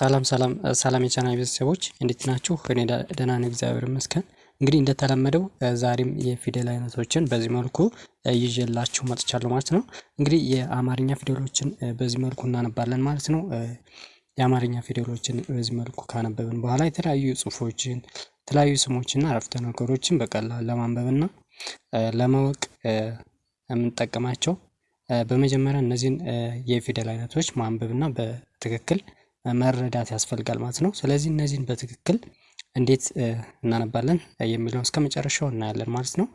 ሰላም ሰላም ሰላም የቻናል ቤተሰቦች እንዴት ናችሁ? እኔ ደህና ነኝ፣ እግዚአብሔር ይመስገን። እንግዲህ እንደተለመደው ዛሬም የፊደል አይነቶችን በዚህ መልኩ ይዤላችሁ መጥቻለሁ ማለት ነው። እንግዲህ የአማርኛ ፊደሎችን በዚህ መልኩ እናነባለን ማለት ነው። የአማርኛ ፊደሎችን በዚህ መልኩ ካነበብን በኋላ የተለያዩ ጽሁፎችን የተለያዩ ስሞችና አረፍተ ነገሮችን በቀላል ለማንበብና ለማወቅ የምንጠቀማቸው በመጀመሪያ እነዚህን የፊደል አይነቶች ማንበብና በትክክል መረዳት ያስፈልጋል ማለት ነው። ስለዚህ እነዚህን በትክክል እንዴት እናነባለን የሚለውን መጨረሻው እናያለን ማለት ነው።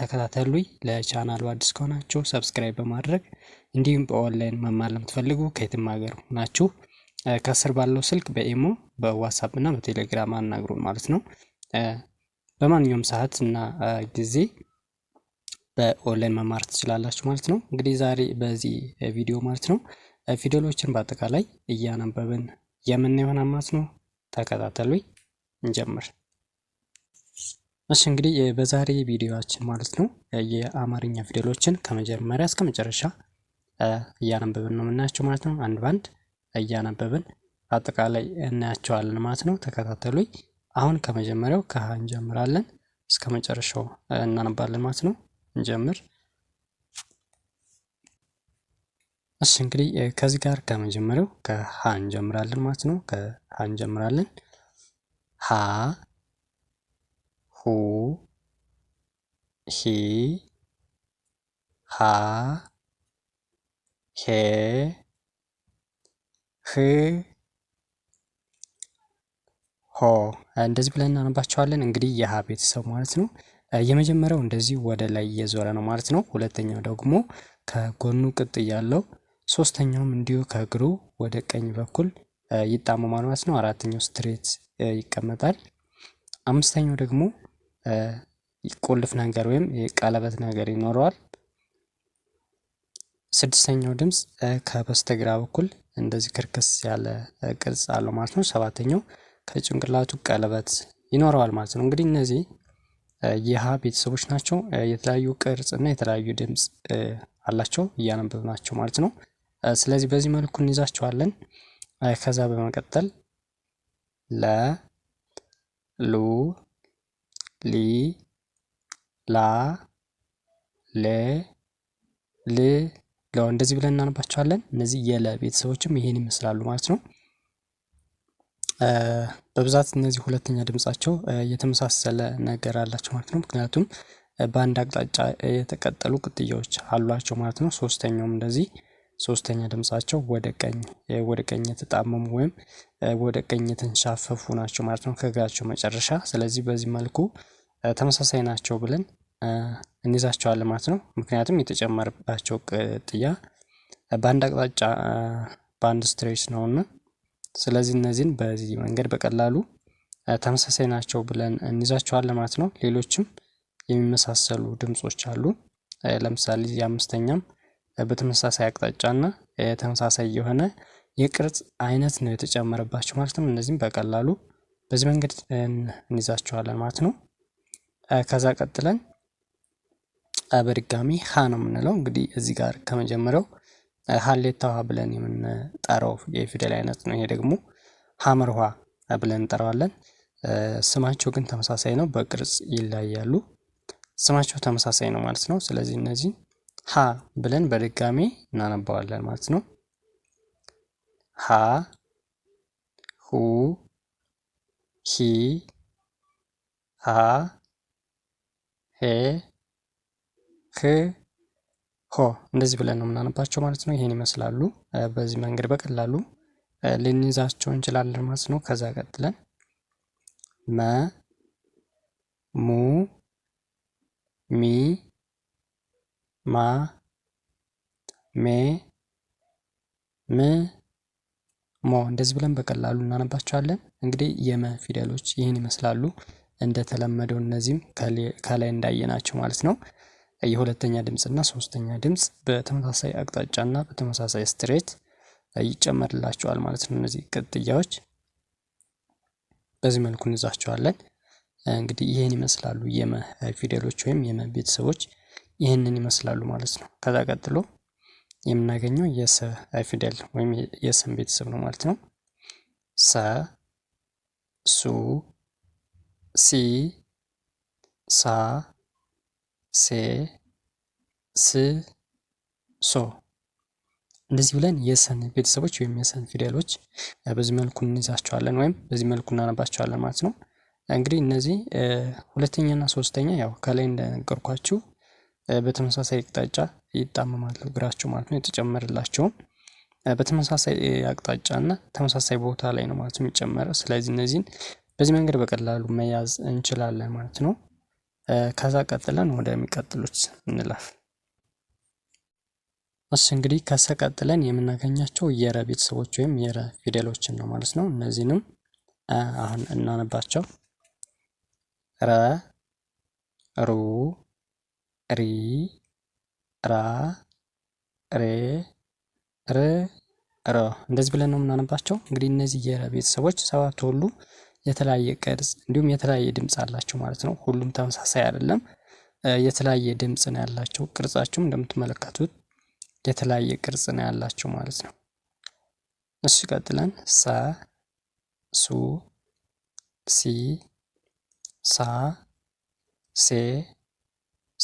ተከታተሉኝ። ለቻናሉ አዲስ ከሆናችሁ ሰብስክራይብ በማድረግ እንዲሁም በኦንላይን መማር ለምትፈልጉ ከየትም ሀገር ናችሁ ከስር ባለው ስልክ በኢሞ በዋትሳፕ እና በቴሌግራም አናግሩን ማለት ነው። በማንኛውም ሰዓት እና ጊዜ በኦንላይን መማር ትችላላችሁ ማለት ነው። እንግዲህ ዛሬ በዚህ ቪዲዮ ማለት ነው ፊደሎችን በአጠቃላይ እያነበብን የምናየው ይሆናል ማለት ነው። ተከታተሉኝ፣ እንጀምር። እሺ እንግዲህ በዛሬ ቪዲዮችን ማለት ነው የአማርኛ ፊደሎችን ከመጀመሪያ እስከ መጨረሻ እያነበብን ነው የምናያቸው ማለት ነው። አንድ ባንድ እያነበብን አጠቃላይ እናያቸዋለን ማለት ነው። ተከታተሉኝ። አሁን ከመጀመሪያው ከሀ እንጀምራለን እስከ መጨረሻው እናነባለን ማለት ነው። እንጀምር እሺ እንግዲህ ከዚህ ጋር ከመጀመሪያው ከሀ እንጀምራለን ማለት ነው። ከሀ እንጀምራለን። ሀ ሁ ሂ ሃ ሄ ህ ሆ እንደዚህ ብለን እናነባቸዋለን። እንግዲህ የሀ ቤተሰብ ማለት ነው። የመጀመሪያው እንደዚህ ወደ ላይ እየዞረ ነው ማለት ነው። ሁለተኛው ደግሞ ከጎኑ ቅጥ ያለው ሶስተኛውም እንዲሁ ከእግሩ ወደ ቀኝ በኩል ይጣመማል ማለት ነው። አራተኛው ስትሬት ይቀመጣል። አምስተኛው ደግሞ ቁልፍ ነገር ወይም የቀለበት ነገር ይኖረዋል። ስድስተኛው ድምፅ ከበስተግራ በኩል እንደዚህ ክርክስ ያለ ቅርጽ አለው ማለት ነው። ሰባተኛው ከጭንቅላቱ ቀለበት ይኖረዋል ማለት ነው። እንግዲህ እነዚህ የሀ ቤተሰቦች ናቸው። የተለያዩ ቅርጽ እና የተለያዩ ድምፅ አላቸው። እያነበብናቸው ማለት ነው። ስለዚህ በዚህ መልኩ እንይዛቸዋለን። ከዛ በመቀጠል ለ ሉ ሊ ላ ሌ ል ሎ እንደዚህ ብለን እናነባቸዋለን። እነዚህ የለ ቤተሰቦችም ይሄን ይመስላሉ ማለት ነው። በብዛት እነዚህ ሁለተኛ ድምጻቸው የተመሳሰለ ነገር አላቸው ማለት ነው። ምክንያቱም በአንድ አቅጣጫ የተቀጠሉ ቅጥያዎች አሏቸው ማለት ነው። ሶስተኛውም እንደዚህ ሶስተኛ ድምፃቸው ወደ ቀኝ ወደ ቀኝ የተጣመሙ ወይም ወደ ቀኝ የተንሻፈፉ ናቸው ማለት ነው ከእግራቸው መጨረሻ። ስለዚህ በዚህ መልኩ ተመሳሳይ ናቸው ብለን እንይዛቸዋለን ማለት ነው። ምክንያቱም የተጨመረባቸው ቅጥያ በአንድ አቅጣጫ በአንድ ስትሬች ነውና፣ ስለዚህ እነዚህን በዚህ መንገድ በቀላሉ ተመሳሳይ ናቸው ብለን እንይዛቸዋለን ማለት ነው። ሌሎችም የሚመሳሰሉ ድምጾች አሉ። ለምሳሌ የአምስተኛም በተመሳሳይ አቅጣጫ እና ተመሳሳይ የሆነ የቅርጽ አይነት ነው የተጨመረባቸው ማለት ነው። እነዚህም በቀላሉ በዚህ መንገድ እንይዛቸዋለን ማለት ነው። ከዛ ቀጥለን በድጋሚ ሀ ነው የምንለው እንግዲህ እዚህ ጋር ከመጀመሪያው ሀሌታ ውሃ ብለን የምንጠራው የፊደል አይነት ነው። ይሄ ደግሞ ሀመር ውሃ ብለን እንጠራዋለን። ስማቸው ግን ተመሳሳይ ነው፣ በቅርጽ ይለያሉ። ስማቸው ተመሳሳይ ነው ማለት ነው። ስለዚህ እነዚህን ሀ ብለን በድጋሚ እናነባዋለን ማለት ነው። ሀ ሁ ሂ ሃ ሄ ህ ሆ እንደዚህ ብለን ነው የምናነባቸው ማለት ነው። ይሄን ይመስላሉ። በዚህ መንገድ በቀላሉ ልንይዛቸው እንችላለን ማለት ነው። ከዛ ቀጥለን መ ሙ ሚ ማ ሜ ም ሞ እንደዚህ ብለን በቀላሉ እናነባቸዋለን። እንግዲህ የመ ፊደሎች ይህን ይመስላሉ እንደተለመደው እነዚህም ከላይ እንዳየናቸው ማለት ነው። የሁለተኛ ድምጽ እና ሶስተኛ ድምጽ በተመሳሳይ አቅጣጫ እና በተመሳሳይ ስትሬት ይጨመርላቸዋል ማለት ነው። እነዚህ ቅጥያዎች በዚህ መልኩ እንይዛቸዋለን። እንግዲህ ይህን ይመስላሉ የመ ፊደሎች ወይም የመ ቤተሰቦች ይህንን ይመስላሉ ማለት ነው። ከዛ ቀጥሎ የምናገኘው የሰ ፊደል ወይም የሰን ቤተሰብ ነው ማለት ነው። ሰ፣ ሱ፣ ሲ፣ ሳ፣ ሴ፣ ስ፣ ሶ እንደዚህ ብለን የሰን ቤተሰቦች ወይም የሰን ፊደሎች በዚህ መልኩ እንይዛቸዋለን ወይም በዚህ መልኩ እናነባቸዋለን ማለት ነው። እንግዲህ እነዚህ ሁለተኛና ሶስተኛ ያው ከላይ እንደነገርኳችሁ በተመሳሳይ አቅጣጫ ይጣመማሉ እግራቸው ማለት ነው የተጨመረላቸውም በተመሳሳይ አቅጣጫ እና ተመሳሳይ ቦታ ላይ ነው ማለት ነው የሚጨመረው። ስለዚህ እነዚህን በዚህ መንገድ በቀላሉ መያዝ እንችላለን ማለት ነው። ከዛ ቀጥለን ወደሚቀጥሉት እንላፍ። እስ እንግዲህ ከሰ ቀጥለን የምናገኛቸው የረ ቤተሰቦች ወይም የረ ፊደሎችን ነው ማለት ነው። እነዚህንም አሁን እናነባቸው ረ ሩ ሪ ራ ሬ ር ሮ እንደዚህ ብለን ነው የምናነባቸው። እንግዲህ እነዚህ የረ ቤተሰቦች ሰባት ሁሉ የተለያየ ቅርጽ እንዲሁም የተለያየ ድምፅ አላቸው ማለት ነው። ሁሉም ተመሳሳይ አይደለም፣ የተለያየ ድምፅ ነው ያላቸው። ቅርጻቸውም እንደምትመለከቱት የተለያየ ቅርጽ ነው ያላቸው ማለት ነው። እሺ ቀጥለን ሰ ሱ ሲ ሳ ሴ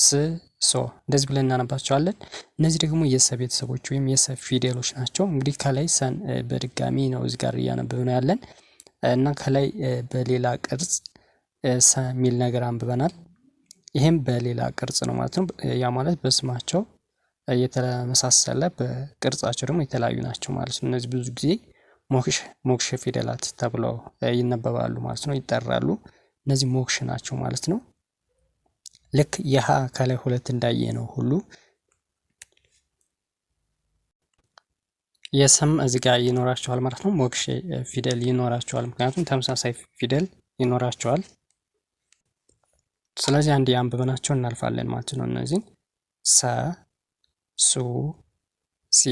ስ ሶ እንደዚህ ብለን እናነባቸዋለን። እነዚህ ደግሞ የሰ ቤተሰቦች ወይም የሰ ፊደሎች ናቸው። እንግዲህ ከላይ ሰን በድጋሚ ነው እዚህ ጋር እያነበብ ነው ያለን እና ከላይ በሌላ ቅርጽ ሰ የሚል ነገር አንብበናል። ይህም በሌላ ቅርጽ ነው ማለት ነው። ያ ማለት በስማቸው የተመሳሰለ በቅርጻቸው ደግሞ የተለያዩ ናቸው ማለት ነው። እነዚህ ብዙ ጊዜ ሞክሽ ሞክሽ ፊደላት ተብለው ይነበባሉ ማለት ነው፣ ይጠራሉ። እነዚህ ሞክሽ ናቸው ማለት ነው። ልክ የሀ ከላይ ሁለት እንዳየ ነው ሁሉ የሰም እዚህ ጋር ይኖራቸዋል ማለት ነው። ሞክሼ ፊደል ይኖራቸዋል፣ ምክንያቱም ተመሳሳይ ፊደል ይኖራቸዋል። ስለዚህ አንድ የአንብበናቸው እናልፋለን ማለት ነው። እነዚህን ሰ፣ ሱ፣ ሲ፣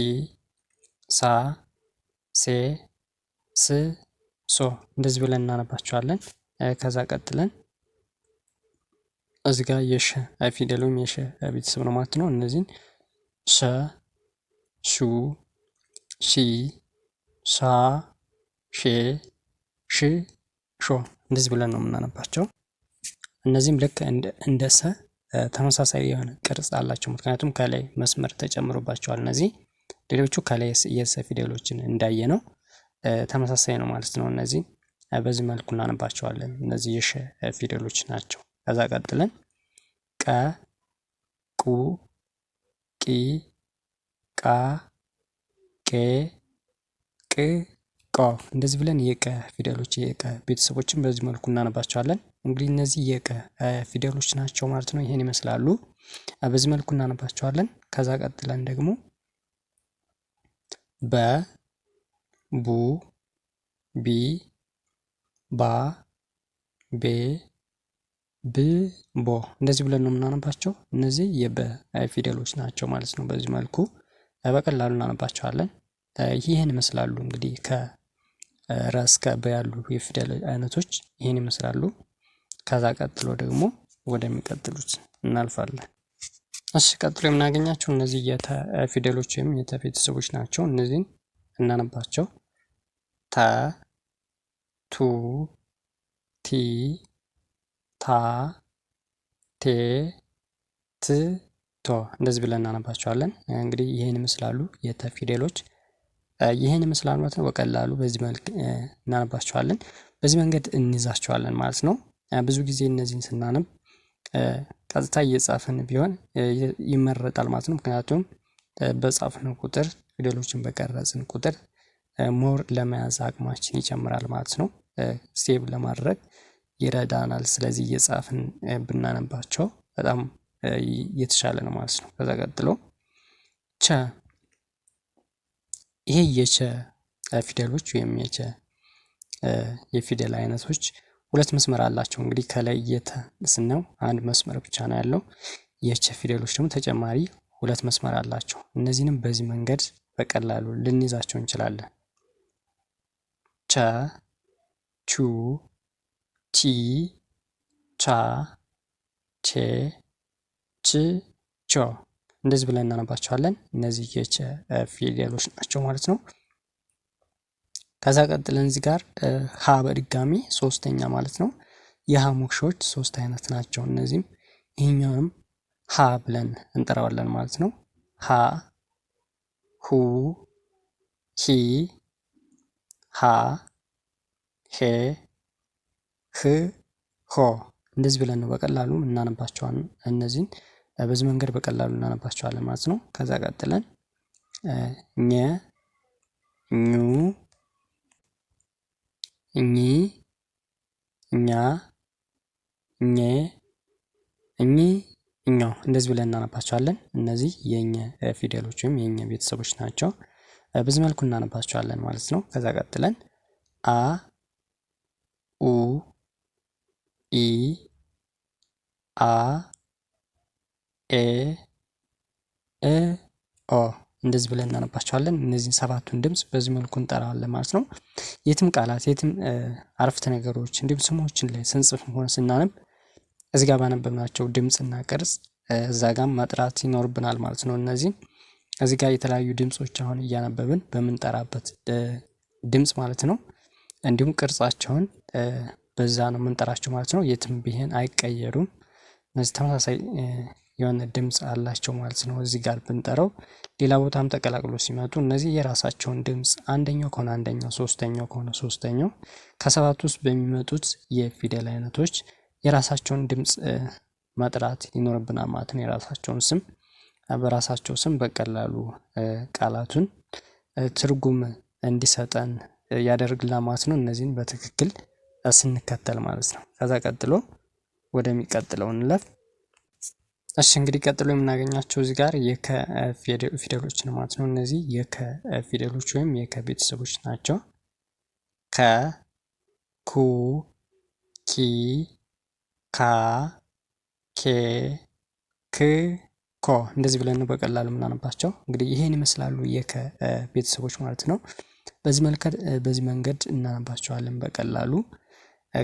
ሳ፣ ሴ፣ ስ፣ ሶ እንደዚህ ብለን እናነባቸዋለን። ከዛ ቀጥለን እዚህ የሸ ፊደል ወይም የሸ ቤተሰብ ነው ማለት ነው። እነዚህን ሰ፣ ሱ፣ ሲ፣ ሳ፣ ሼ፣ ሽ፣ ሾ እንደዚህ ብለን ነው የምናነባቸው። እነዚህም ልክ እንደ ሰ ተመሳሳይ የሆነ ቅርጽ አላቸው። ምክንያቱም ከላይ መስመር ተጨምሮባቸዋል። እነዚህ ሌሎቹ ከላይ የሰ ፊደሎችን እንዳየ ነው ተመሳሳይ ነው ማለት ነው። እነዚህ በዚህ መልኩ እናነባቸዋለን። እነዚህ የሸ ፊደሎች ናቸው። ከዛ ቀጥለን ቀ ቁ ቂ ቃ ቄ ቅ ቆ እንደዚህ ብለን የቀ ፊደሎች የቀ ቤተሰቦችን በዚህ መልኩ እናነባቸዋለን። እንግዲህ እነዚህ የቀ ፊደሎች ናቸው ማለት ነው። ይሄን ይመስላሉ። በዚህ መልኩ እናነባቸዋለን። ከዛ ቀጥለን ደግሞ በ ቡ ቢ ባ ቤ ብቦ እንደዚህ ብለን ነው የምናነባቸው። እነዚህ የበ ፊደሎች ናቸው ማለት ነው። በዚህ መልኩ በቀላሉ እናነባቸዋለን። ይህን ይመስላሉ እንግዲህ ከረ እስከ በ ያሉ የፊደል አይነቶች ይህን ይመስላሉ። ከዛ ቀጥሎ ደግሞ ወደሚቀጥሉት እናልፋለን። እሺ ቀጥሎ የምናገኛቸው እነዚህ የተ ፊደሎች ወይም የተ ቤተሰቦች ናቸው። እነዚህን እናነባቸው ተ ቱ ቲ ታ ቴ ት ቶ እንደዚህ ብለን እናነባቸዋለን። እንግዲህ ይህን ይመስላሉ የተ ፊደሎች ይህን ይመስላሉ ማለት ነው። በቀላሉ በዚህ መልክ እናነባቸዋለን። በዚህ መንገድ እንይዛቸዋለን ማለት ነው። ብዙ ጊዜ እነዚህን ስናነብ ቀጥታ እየጻፍን ቢሆን ይመረጣል ማለት ነው። ምክንያቱም በጻፍን ቁጥር ፊደሎችን በቀረጽን ቁጥር ሞር ለመያዝ አቅማችን ይጨምራል ማለት ነው። ሴቭ ለማድረግ ይረዳናል። ስለዚህ እየጻፍን ብናነባቸው በጣም የተሻለ ነው ማለት ነው። ከዛ ቀጥሎ ቸ ይሄ የቸ ፊደሎች ወይም የቸ የፊደል አይነቶች ሁለት መስመር አላቸው። እንግዲህ ከላይ የተ አንድ መስመር ብቻ ነው ያለው። የቸ ፊደሎች ደግሞ ተጨማሪ ሁለት መስመር አላቸው። እነዚህንም በዚህ መንገድ በቀላሉ ልንይዛቸው እንችላለን። ቸ ቹ ቺ ቻ ቼ ች ቾ እንደዚህ ብለን እናነባቸዋለን። እነዚህ የቸ ፊደሎች ናቸው ማለት ነው። ከዛ ቀጥለን እዚህ ጋር ሀ በድጋሚ ሶስተኛ ማለት ነው። የሀ ሞክሾች ሶስት አይነት ናቸው። እነዚህም ይህኛውንም ሀ ብለን እንጠራዋለን ማለት ነው። ሀ ሁ ሂ ሃ ሄ ህ ሆ እንደዚህ ብለን ነው በቀላሉ እናነባቸዋለን እነዚህን በዚህ መንገድ በቀላሉ እናነባቸዋለን ማለት ነው። ከዛ ቀጥለን ኘ ኙ እኚ እኛ እኘ እኚ እኛ እንደዚህ ብለን እናነባቸዋለን። እነዚህ የእኘ ፊደሎች ወይም የእኘ ቤተሰቦች ናቸው። በዚህ መልኩ እናነባቸዋለን ማለት ነው። ከዛ ቀጥለን አ ኡ ኢ አ ኤ እ ኦ እንደዚህ ብለን እናነባቸዋለን እነዚህን ሰባቱን ድምጽ በዚህ መልኩ እንጠራዋለን ማለት ነው። የትም ቃላት የትም አረፍተ ነገሮች እንዲሁም ስሞችን ላይ ስንጽፍ ሆነ ስናነብ እዚህ ጋር ባነበብናቸው ድምፅና ቅርጽ እዛ ጋም መጥራት ይኖርብናል ማለት ነው። እነዚህ እዚህ ጋር የተለያዩ ድምጾች አሁን እያነበብን በምንጠራበት ድምጽ ማለት ነው። እንዲሁም ቅርጻቸውን በዛ ነው የምንጠራቸው ማለት ነው። የትም ብሄን አይቀየሩም። እነዚህ ተመሳሳይ የሆነ ድምጽ አላቸው ማለት ነው። እዚህ ጋር ብንጠራው ሌላ ቦታም ተቀላቅሎ ሲመጡ እነዚህ የራሳቸውን ድምጽ አንደኛው ከሆነ አንደኛው ሶስተኛው ከሆነ ሶስተኛው ከሰባት ውስጥ በሚመጡት የፊደል አይነቶች የራሳቸውን ድምጽ መጥራት ይኖርብናል ማለት ነው። የራሳቸውን ስም በራሳቸው ስም በቀላሉ ቃላቱን ትርጉም እንዲሰጠን ያደርግልናል ማለት ነው። እነዚህን በትክክል ስንከተል ማለት ነው። ከዛ ቀጥሎ ወደሚቀጥለው እንለፍ። እሺ እንግዲህ ቀጥሎ የምናገኛቸው እዚህ ጋር የከ ፊደሎች ነው ማለት ነው። እነዚህ የከ ፊደሎች ወይም የከ ቤተሰቦች ናቸው። ከ፣ ኩ፣ ኪ፣ ካ፣ ኬ፣ ክ፣ ኮ እንደዚህ ብለን ነው በቀላሉ የምናነባቸው። እንግዲህ ይሄን ይመስላሉ የከ ቤተሰቦች ማለት ነው። በዚህ መልከት በዚህ መንገድ እናነባቸዋለን በቀላሉ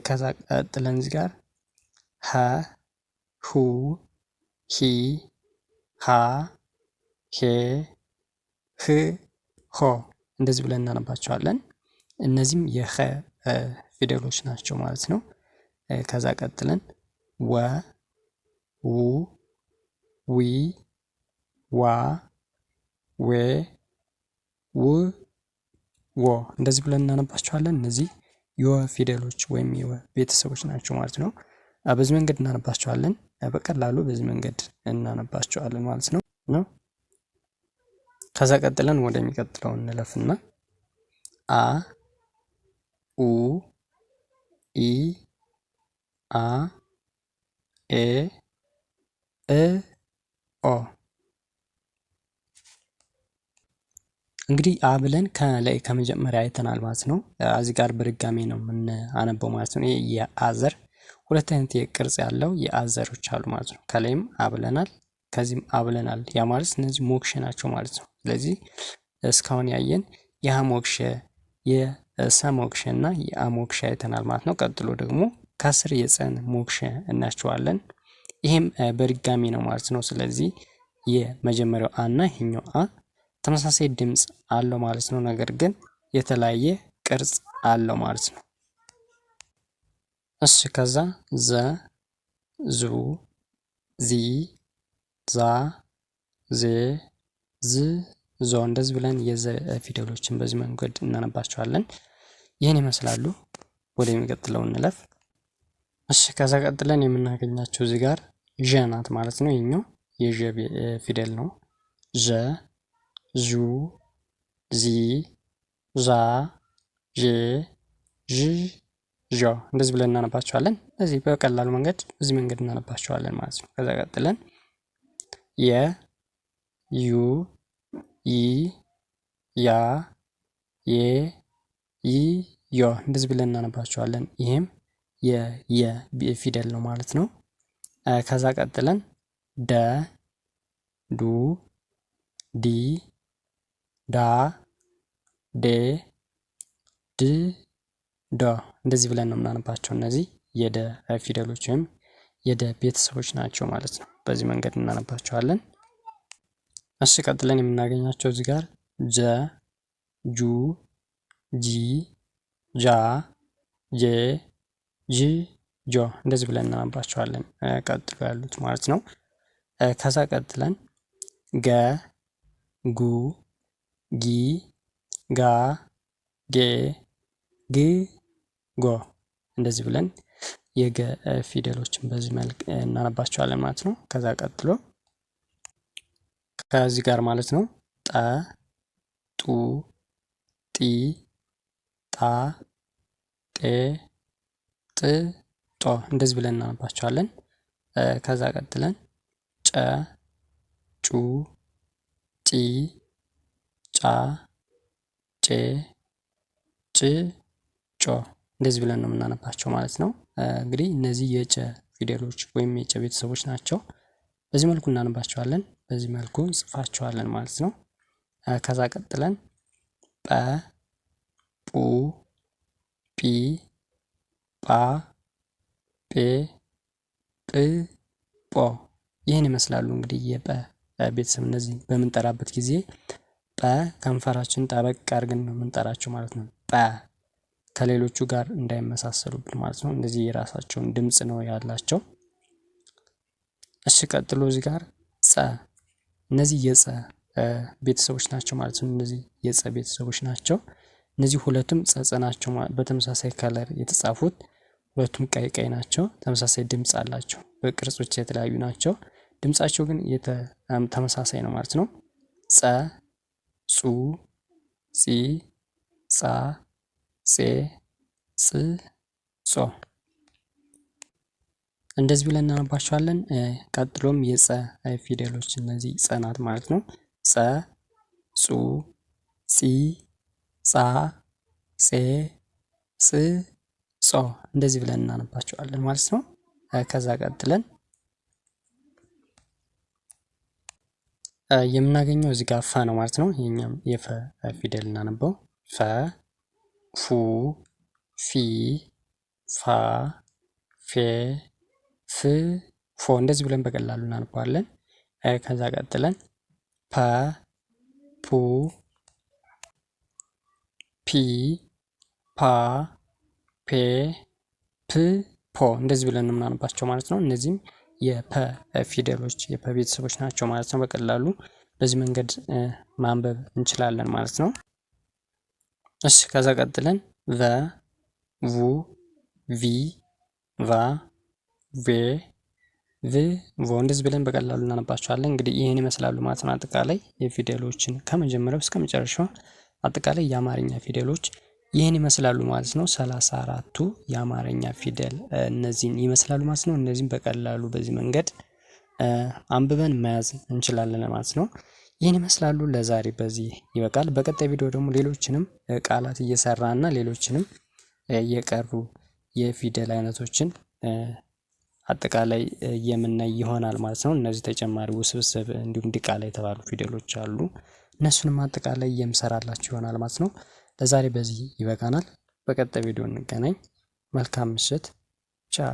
ከዛ ቀጥለን እዚህ ጋር ሀ ሁ ሂ ሃ ሄ ህ ሆ እንደዚህ ብለን እናነባቸዋለን። እነዚህም የኸ ፊደሎች ናቸው ማለት ነው። ከዛ ቀጥለን ወ ው ዊ ዋ ዌ ው ዎ እንደዚህ ብለን እናነባቸዋለን። እነዚህ የወ ፊደሎች ወይም የወ ቤተሰቦች ናቸው ማለት ነው። በዚህ መንገድ እናነባቸዋለን። በቀላሉ በዚህ መንገድ እናነባቸዋለን ማለት ነው ነው ከዛ ቀጥለን ወደሚቀጥለው እንለፍና አ ኡ ኢ አ ኤ እ ኦ እንግዲህ አ ብለን ከላይ ከመጀመሪያ አይተናል ማለት ነው። እዚህ ጋር በድጋሜ ነው የምናነበው ማለት ነው። የአዘር ሁለት አይነት የቅርጽ ያለው የአዘሮች አሉ ማለት ነው። ከላይም አ ብለናል፣ ከዚህም አ ብለናል። ያ ማለት እነዚህ ሞክሼ ናቸው ማለት ነው። ስለዚህ እስካሁን ያየን የሀ ሞክሼ፣ የሰ ሞክሼ እና የአ ሞክሼ አይተናል ማለት ነው። ቀጥሎ ደግሞ ከስር የፀን ሞክሸ እናቸዋለን። ይሄም በድጋሜ ነው ማለት ነው። ስለዚህ የመጀመሪያው አ እና ይሄኛው አ ተመሳሳይ ድምፅ አለው ማለት ነው። ነገር ግን የተለያየ ቅርጽ አለው ማለት ነው። እሺ ከዛ ዘ፣ ዙ፣ ዚ፣ ዛ፣ ዜ፣ ዝ፣ ዞ እንደዚህ ብለን የዘ ፊደሎችን በዚህ መንገድ እናነባቸዋለን። ይህን ይመስላሉ። የሚቀጥለው እንለፍ። እሺ ከዛ ቀጥለን የምናገኛቸው እዚህ ጋር ዠ ናት ማለት ነው። ይህኛው የዠ ፊደል ነው። ዠ ዙ ዚ ዛ ዤ ዥ ዦ እንደዚህ ብለን እናነባቸዋለን። እዚህ በቀላሉ መንገድ በዚህ መንገድ እናነባቸዋለን ማለት ነው። ከዛ ቀጥለን የ ዩ ይ ያ የ ይ ዮ እንደዚህ ብለን እናነባቸዋለን። ይህም የየ ፊደል ነው ማለት ነው። ከዛ ቀጥለን ደ ዱ ዲ ዳ ዴ ድ ዶ እንደዚህ ብለን ነው የምናነባቸው። እነዚህ የደ ፊደሎች ወይም የደ ቤተሰቦች ናቸው ማለት ነው። በዚህ መንገድ እናነባቸዋለን። እሺ ቀጥለን የምናገኛቸው እዚህ ጋር ጀ ጁ ጂ ጃ ጄ ጂ ጆ እንደዚህ ብለን እናነባቸዋለን ቀጥሎ ያሉት ማለት ነው። ከዛ ቀጥለን ገ ጉ ጊ ጋ ጌ ግ ጎ እንደዚህ ብለን የገ ፊደሎችን በዚህ መልክ እናነባቸዋለን ማለት ነው። ከዛ ቀጥሎ ከዚህ ጋር ማለት ነው ጠ ጡ ጢ ጣ ጤ ጥ ጦ እንደዚህ ብለን እናነባቸዋለን። ከዛ ቀጥለን ጨ ጩ ጪ ጫ ጬ ጭ ጮ እንደዚህ ብለን ነው የምናነባቸው ማለት ነው። እንግዲህ እነዚህ የጨ ፊደሎች ወይም የጨ ቤተሰቦች ናቸው። በዚህ መልኩ እናነባቸዋለን በዚህ መልኩ እንጽፋቸዋለን ማለት ነው። ከዛ ቀጥለን ጰ ጱ ጲ ጳ ጴ ጵ ጶ ይህን ይመስላሉ እንግዲህ የጰ ቤተሰብ እነዚህ በምንጠራበት ጊዜ ጠ ከንፈራችን ጠበቅ አድርገን ነው የምንጠራቸው ማለት ነው። ጠ ከሌሎቹ ጋር እንዳይመሳሰሉብን ማለት ነው። እንደዚህ የራሳቸውን ድምፅ ነው ያላቸው። እሺ ቀጥሎ እዚህ ጋር ጸ እነዚህ የጸ ቤተሰቦች ናቸው ማለት ነው። እነዚህ የጸ ቤተሰቦች ናቸው። እነዚህ ሁለቱም ጸጸ ናቸው። በተመሳሳይ ከለር የተጻፉት ሁለቱም ቀይ ቀይ ናቸው። ተመሳሳይ ድምፅ አላቸው። በቅርጾች የተለያዩ ናቸው። ድምፃቸው ግን ተመሳሳይ ነው ማለት ነው። ጸ ጹ ጺ ጻ ጼ ጽ ጾ እንደዚህ ብለን እናነባቸዋለን። ቀጥሎም የጸ ፊደሎች እነዚህ ጸናት ማለት ነው። ጸ ጹ ጺ ጻ ጼ ጽ ጾ እንደዚህ ብለን እናነባቸዋለን ማለት ነው። ከዛ ቀጥለን የምናገኘው እዚህ ጋር ነው ማለት ነው። ይህኛም የፈ ፊደል እናነበው ፈ፣ ፉ፣ ፊ፣ ፋ፣ ፌ፣ ፍ፣ ፎ እንደዚህ ብለን በቀላሉ እናንባዋለን። ከዛ ቀጥለን ፐ፣ ፑ፣ ፒ፣ ፓ፣ ፔ፣ ፕ፣ ፖ እንደዚህ ብለን የምናንባቸው ማለት ነው እነዚህም የፐ ፊደሎች የፐ ቤተሰቦች ናቸው ማለት ነው። በቀላሉ በዚህ መንገድ ማንበብ እንችላለን ማለት ነው። እሺ ከዛ ቀጥለን ቨ፣ ቡ፣ ቪ፣ ቫ፣ ቬ፣ ቭ፣ ቮ እንደዚህ ብለን በቀላሉ እናነባቸዋለን። እንግዲህ ይህን ይመስላሉ ማለት ነው አጠቃላይ የፊደሎችን ከመጀመሪያው እስከ መጨረሻው አጠቃላይ የአማርኛ ፊደሎች ይህን ይመስላሉ ማለት ነው። ሰላሳ አራቱ የአማርኛ ፊደል እነዚህን ይመስላሉ ማለት ነው። እነዚህን በቀላሉ በዚህ መንገድ አንብበን መያዝ እንችላለን ማለት ነው። ይህን ይመስላሉ። ለዛሬ በዚህ ይበቃል። በቀጣይ ቪዲዮ ደግሞ ሌሎችንም ቃላት እየሰራ እና ሌሎችንም የቀሩ የፊደል አይነቶችን አጠቃላይ የምናይ ይሆናል ማለት ነው። እነዚህ ተጨማሪ ውስብስብ እንዲሁም ዲቃላ የተባሉ ፊደሎች አሉ። እነሱንም አጠቃላይ የምሰራላችሁ ይሆናል ማለት ነው። ለዛሬ በዚህ ይበቃናል። በቀጣይ ቪዲዮ እንገናኝ። መልካም ምሽት። ቻው